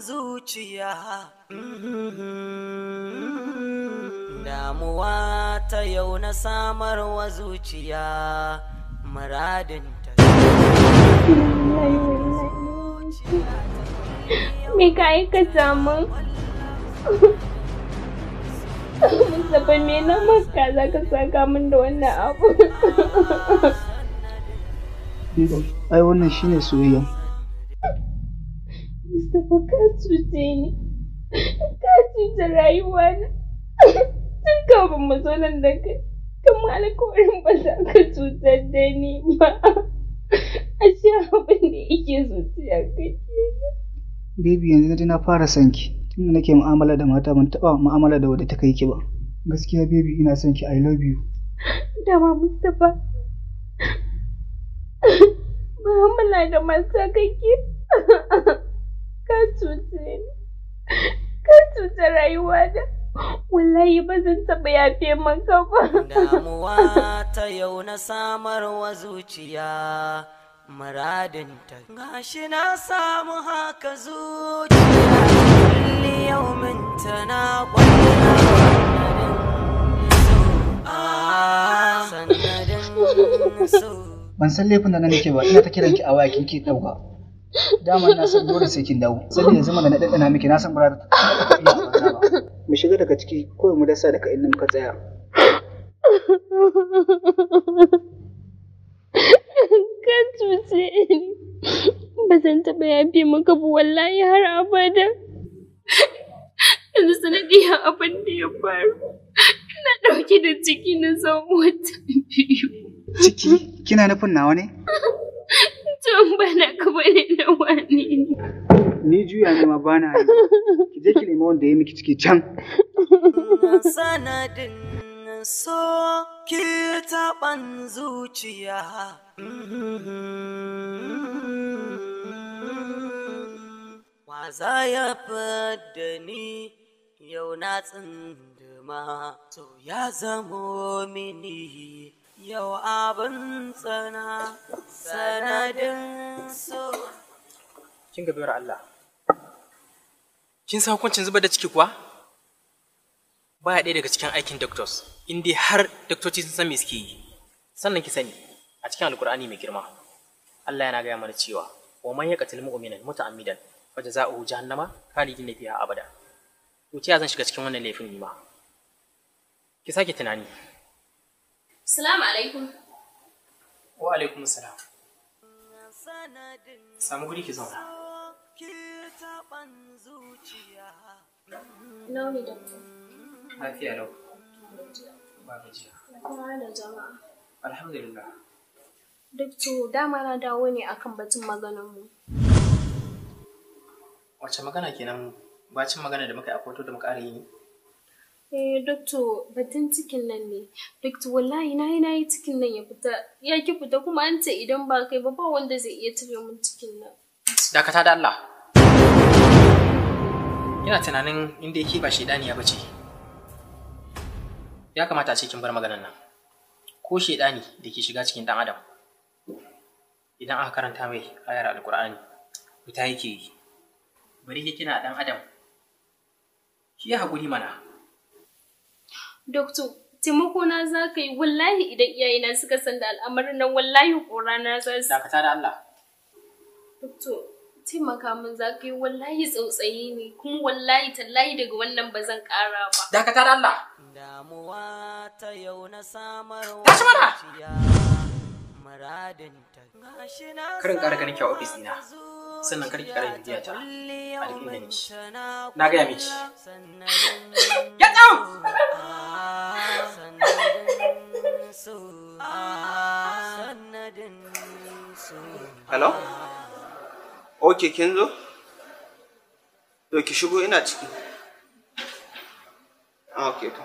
zuciya mm-hmm. damuwa ta yau na samarwa zuciya muradin ta me ka yi ka samu Mustapha me na maka za ka saka min da wannan abu ai wannan shine soyayya Mustapha ka cuce ni. Ka cuce rayuwa na. Tun kafin mu zo nan da kai. Kamar alkawarin ba za ka cutar da ni ba. Ashe abin da yake zuciya kai. Baby yanzu na ji na fara son ki. Tunda nake mu'amala da mata ban taɓa mu'amala da wadda ta kai ki ba. Gaskiya baby ina son ki I love you. Dama Mustapha. Mu'amala da mata kake. cuce ni ka cuce rayuwa da wallahi ba zan taɓa yafe ba damuwa ta yau na samarwa zuciya muradinta gashi na samu haka zuciya kulli yau minta na Ban san laifin da na nake ba, ina ta kiran ki a waya kin ki dauka. dama na san dole sai kin dawo sai yanzu mana na daddana miki na san ba za ta mu shiga daga ciki ko mu dasa daga inda muka tsaya kan cuce ba zan taɓa yafe maka ba wallahi har abada yanzu sanadiyar abin da ya faru na dauke da ciki na tsawon wata biyu ciki kina nufin nawa ne tun ba na ka bane na wani ne. Ni juya ne ma ba na yi. Ki je ki nemi wanda ya miki ciki can. Sanadin so ki taɓan zuciya. Waza ya fadda ni yau na tsinduma, so ya zamo mini yau abin tsana sanadin so kin ga biyar Allah kin san hukuncin zubar da ciki kuwa ya ɗaya daga cikin aikin doctors in dai har doctoci sun san me suke yi sannan ki sani a cikin alkur'ani mai girma Allah yana gaya mana cewa wa man yaqtul mu'mina muta'ammidan fa jazaohu jahannama khalidin fiha abada to ta zan shiga cikin wannan laifin ni ma ki sake tunani Salamu alaikum. Wa alaikum salam. Samu guri ki zauna. Launi da Lafiya lau. Ba gajiya. Lafiya jama'a. Alhamdulillah. Dokto, dama na dawo ne akan batun maganarmu. Wace magana kenan bacin magana da muka yi a da muka ƙara yi Eh, doctor, batun cikin nan ne. Doctor, wallahi na yi na yi cikin nan ya fita. Ya ki fita kuma an ce idan ba kai ba ba wanda zai iya cire mun cikin nan. Dakata da Allah. Ina tunanin inda yake ba shaidaniya ba ce. Ya kamata a ce kin bar maganar nan. Ko shaidani da ke shiga cikin dan Adam. Idan aka karanta mai ayar Alƙur'ani, fita yake yi. Bari kina dan Adam. Ki ya haƙuri mana. Doktor, taimako na za ka yi wallahi idan iyayena suka san da al'amarin nan wallahi kora na za su. Dakata da Allah. Doktor, taimaka min za ka yi wallahi tsautsayi ne kuma wallahi tallahi daga wannan ba zan ƙara ba. Dakata da Allah. Damuwa ta yau na samarwa. Tashi mana! Karin ƙara ganin kyau ofis dina. sannan karki kara ya ta a duk inda nake na gaya miki get out hello ok kin zo to ki shigo ina ciki ah, ok to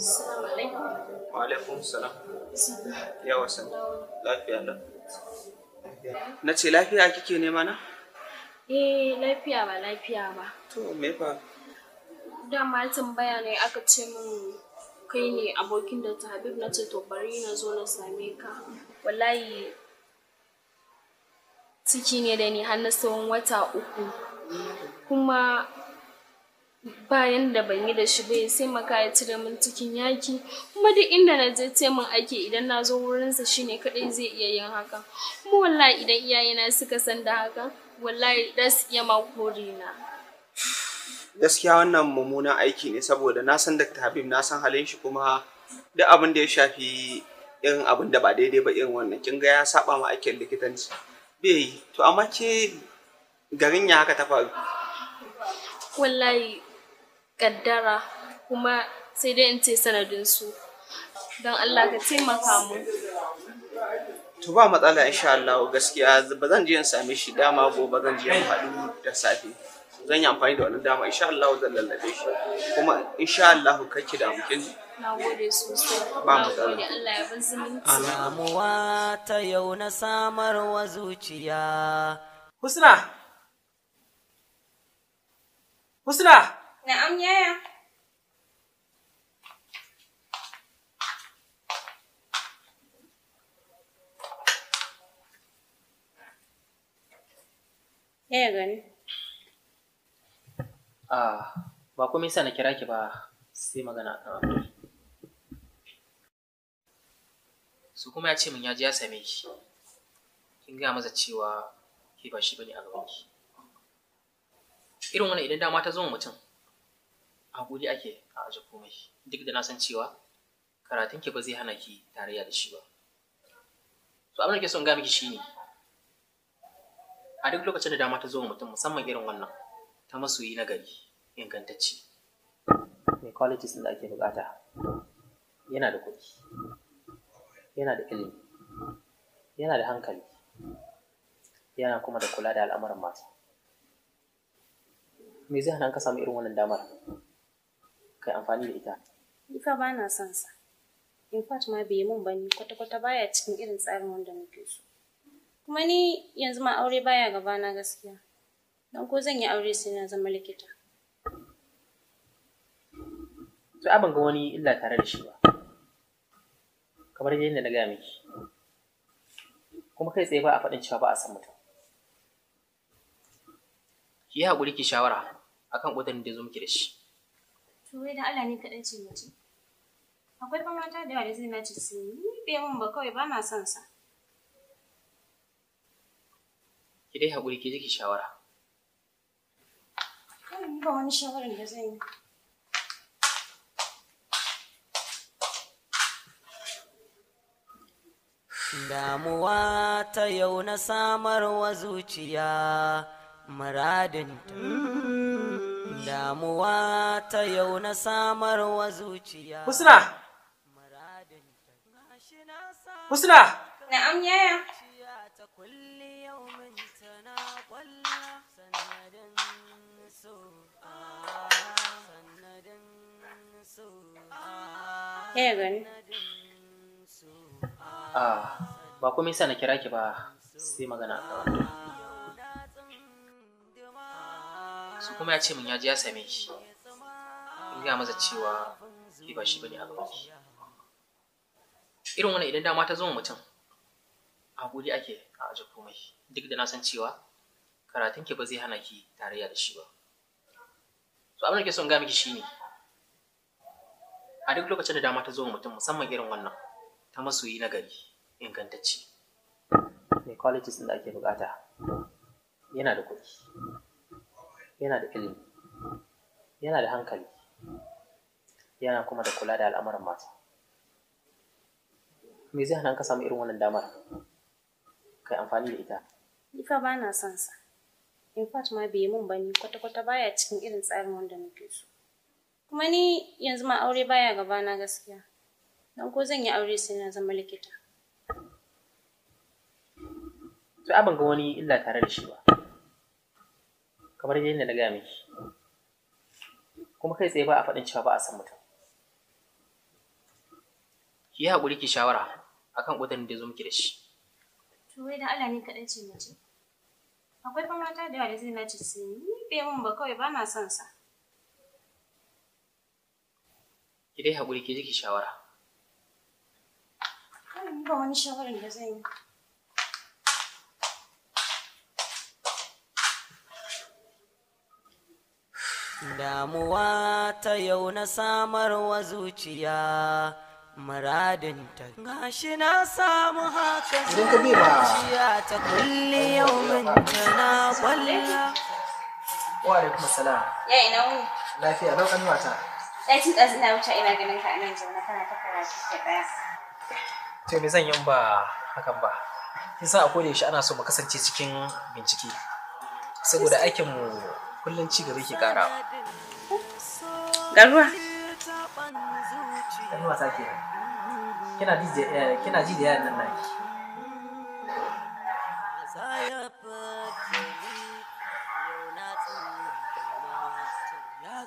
Assalamu alaikum. Wa alaikum salam. Nace lafiya kike nema na eh lafiya ba lafiya ba to me fa dama tambaya ne aka ce min kai ne abokin da ta habib na ce to bari na zo na same ka wallahi ciki ne da ni har na tsawon wata uku kuma bayan da ban yi da shi bai sai maka ya cire min cikin yaki kuma duk inda na je ce min ake idan na zo wurinsa shine kaɗai zai iya yin haka kuma wallahi idan iyayena suka san da haka wallahi da su iya ma na gaskiya wannan mummunan aiki ne saboda na san Dr. Habib na san halin shi kuma duk abin da ya shafi irin abin da ba daidai ba irin wannan kin ga ya saba ma aikin likitanci bai yi to amma ke garin ya haka ta faru wallahi kaddara kuma sai dai in ce sanadin su don Allah ka taimaka mu to ba matsala insha Allah gaskiya ba zan je in same shi dama gobe zan je in faɗi da safe zan yi amfani da wannan dama insha Allah zan lallabe shi kuma insha Allah ki da mukin Alamuwa ta yau na samarwa zuciya. Husna! Husna! Na'am yaya. Eh gani. Ah, ba kuma yasa na kira ki ba sai magana kan Su kuma ya ce min ya ji ya same ki. Kin gaya masa cewa ke ba shi bane a gaban ki. Irin wannan idan dama ta zo mutum a guri ake a aje komai duk da na san cewa karatun ki ba zai hana ki tarayya da shi ba. So abin da ke son ga miki shine a duk lokacin da dama ta zo wa mutum musamman irin wannan ta masoyi yi nagari ingantacce mai qualities da ake bukata yana da kuɗi yana da ilimi yana da hankali yana kuma da kula da al'amuran masu. me zai hana ka samu irin wannan damar kai amfani da ita duka ba na son sa in fact ma bai mun bane kwata-kwata baya cikin irin tsarin wanda muke so kuma ni yanzu ma aure baya gaba na gaskiya don ko zan yi aure sai na zama likita to abin ga wani illa tare da shi ba kamar yadda na gaya miki kuma kai tsaye ba a faɗin cewa ba a san mutum ki yi haƙuri ki shawara akan ƙudurin da zo miki da shi to wai da Allah ne kaɗan ce mace akwai kuma mata da yawa da zai nace su ni bai mun ba kawai ba na son sa ki dai haƙuri ki ji ki shawara ba wani shawarar da zan yi Damuwa ta yau na samarwa zuciya muradinta. Damuwa ta yau na samarwa zuciya. Husna! Husna! Na'am yaya. Yaya ah. gani? Ah, ba kuma yasa na kira ki ba sai magana a kan Su kuma ya ce min ya ji ya same shi. In ga maza cewa ki ba shi bane a gaban ki. Irin wannan idan dama ta zama mutum a guri ake a aje komai duk da na san cewa karatun ki ba zai hana ki tarayya da shi ba. To abin da ke son ga miki shine a duk lokacin da dama ta zo mutum musamman irin wannan ta masoyi na gari ingantacce mai qualities da ake bukata yana da kuɗi yana da ilimi yana da hankali yana kuma da kula da al'amuran mata me zai hana ka samu irin wannan damar kai amfani da ita ni ba na son sa in fact ma bai mun bane kwata-kwata baya cikin irin tsarin wanda nake so kuma ni yanzu ma aure baya gabana gaskiya don ko zan yi aure sai na zama likita to abin ga wani illa tare da shi ba kamar yadda na gaya miki kuma kai tsaye ba a faɗin cewa ba a san mutum ki yi haƙuri ki shawara akan ƙudurin da zo miki da shi to wai da Allah ne kaɗai ce mace akwai kuma mata da yawa da zai nace su ni bai mun ba kawai ba na son sa ki dai haƙuri ki ji ki shawara ba wani shawarar da zan yi Damuwa ta yau na samarwa zuciya muradinta gashi na samu haka zuciya ta kulli yau minta na kwalla. Wa alaikum salam. Ya ina wuni. Lafiya lau kan wata. Ɗakin ɗazu na wuce ina ganin ka anan zaune kana ta karatu ke ɗaya. To me zan yi ba hakan ba. Kin san a da shi ana so mu kasance cikin bincike. Saboda aikin mu kullum ci gaba yake ƙara. Garuwa. Garuwa ta ke kina ji da eh, kina ji da yaran nan naki.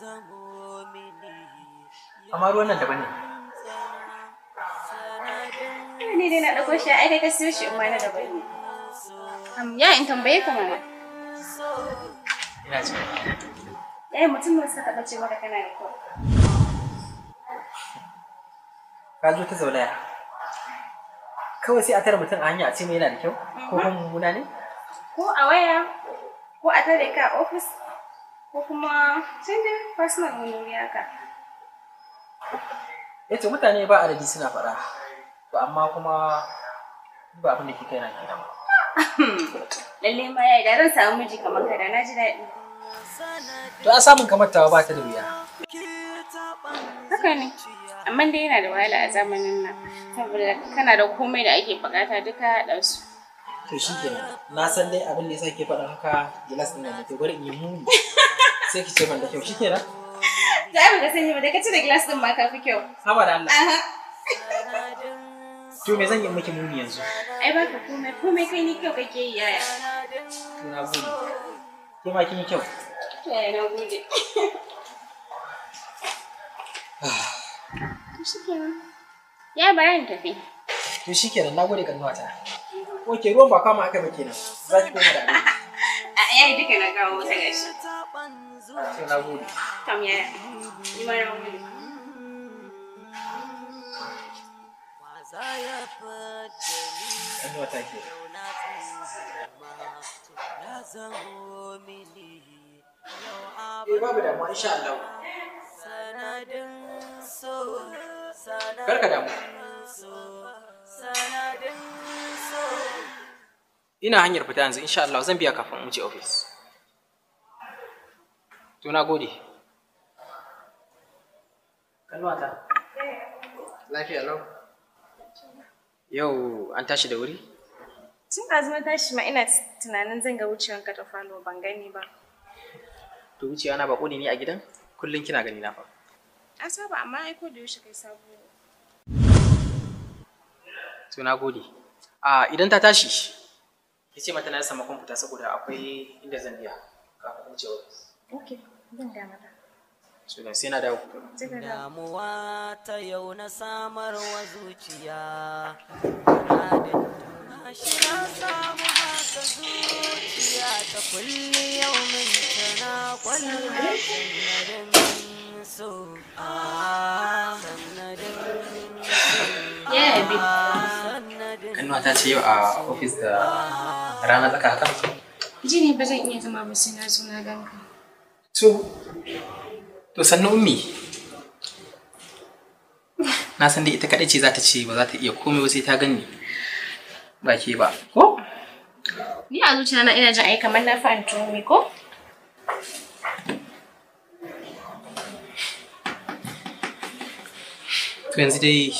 zamo mini amma ruwan nan daban ne ne dai na ɗago shi ai kai ka siyo shi in ma na daban ne ya in tambaye ka mana ina ce yayi mutum ne suka taɓa ce maka kana da kyau ka zo ta zaulaya kawai sai a tara mutum a hanya a ce mai yana da kyau ko kuma mummuna ne ko a waya ko a tare ka a ofis ko kuma canjin personal wani wuri haka ya ce mutane ba adadi suna faɗa to amma kuma ba abin da ke kai na ke ba lalle ma ya idan samu miji kamar ka da na ji daɗi to a samun kamar tawa ba ta da wuya haka ne amma dai yana da wahala a zamanin nan saboda kana da komai da ake bukata duka haɗa su to shi kenan na san dai abin da ya sa ke faɗa haka gilas ɗin da ke gwada in yi muni sai ki ce ban da kyau shi kenan Ta yi baka sani ba da kaci da glass din ma ka fi kyau. Saboda Allah. To me zan yi miki muni yanzu? Ai ba ka komai komai kai ni kyau kake yi yaya. To na gode. Ke ma kin kyau. To na gode. Shikenan. Ya bayan tafi. To shikenan na gode kalmata. Oke ruwan ba kama aka ba kenan. Za ki koma da abinci. A yayi duka na kawo ta gashi. To na gode. tam eh, Ina hanyar fita yanzu insha Allah zan biya kafin mu je office. To na gode. Kalmata. Lafiya lau. Yau an tashi da wuri? Tun da zama tashi ma ina tunanin zan ga wucewan ka ta falo ban gani ba. To wucewa na bako ne ni a gidan? Kullum kina gani na fa. An saba amma ai ko da yaushe kai sabo. To na gode. A idan ta tashi ya ce mata na sama kwamfuta saboda akwai inda zan biya kafin wucewa. Okay, zan ga mata. na damuwa ta yau na samarwa zuciya na samu haka zuciya ta kulli yau min tana kwallo ta ce yau a ofis da ranar tsaka haka ba zan iya zama ba sai na zo ganka to sannan ummi na san dai ita kaɗai ce za ta ce ba za ta iya komai ba sai ta gani ba ke ba ko ni a zuciya na ina jin ai kamar na fahimci ummi ko to yanzu dai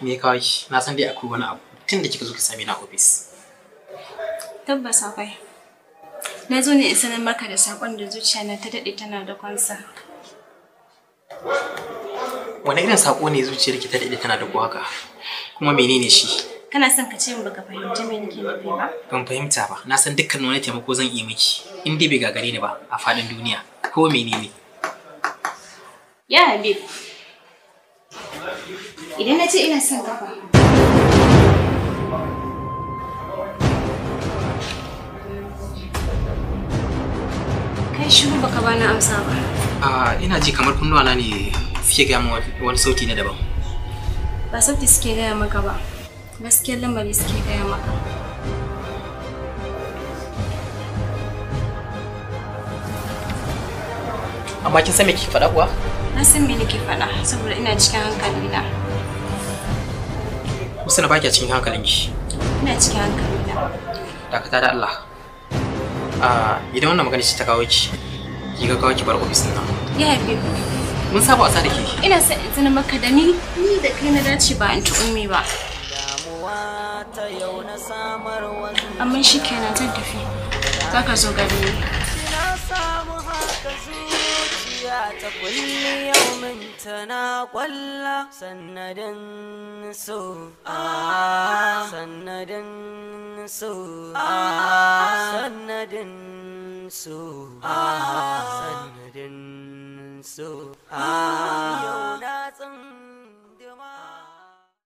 me kawai na san dai akwai wani abu tun da kika zo ki same na ofis tabbas akwai na zo ne in sanar maka da sakon da zuciya na ta daɗe tana da kwansa wani irin sako ne zuciyar ki ta daɗe tana da haka kuma menene shi kana son ka ce min baka fahimci me nake nufi ba ban fahimta ba na san dukkan wani taimako zan iya miki in dai bai gagare ni ba a faɗin duniya ko menene ya habib idan na ce ina son kafa kai shiru baka bani amsa ba Ah, ina ji kamar kunnuwana ne suke gaya min wani sauti na daban. Ba sauti suke gaya maka ba, gaskiyar lamari suke gaya maka. Amma kin san me ke faɗa kuwa? Na san me nake faɗa saboda ina cikin hankali na. Musa na baki a cikin ki. Ina cikin hankali na. Dakata da Allah. Ah, idan wannan magana ce ta kawo ki, ki ga kawai ki bar ofis nan ya yafe mun saba wasa da ke ina son in tuna maka da ni ni da kai na dace ba in ta ummi ba amma shi kenan zan tafi za ka zo gani ni. ta kulli yaumin tana kwalla sannadin so ah, sannadin so ah, sannadin su ah. sanadin su ah. yau na tsan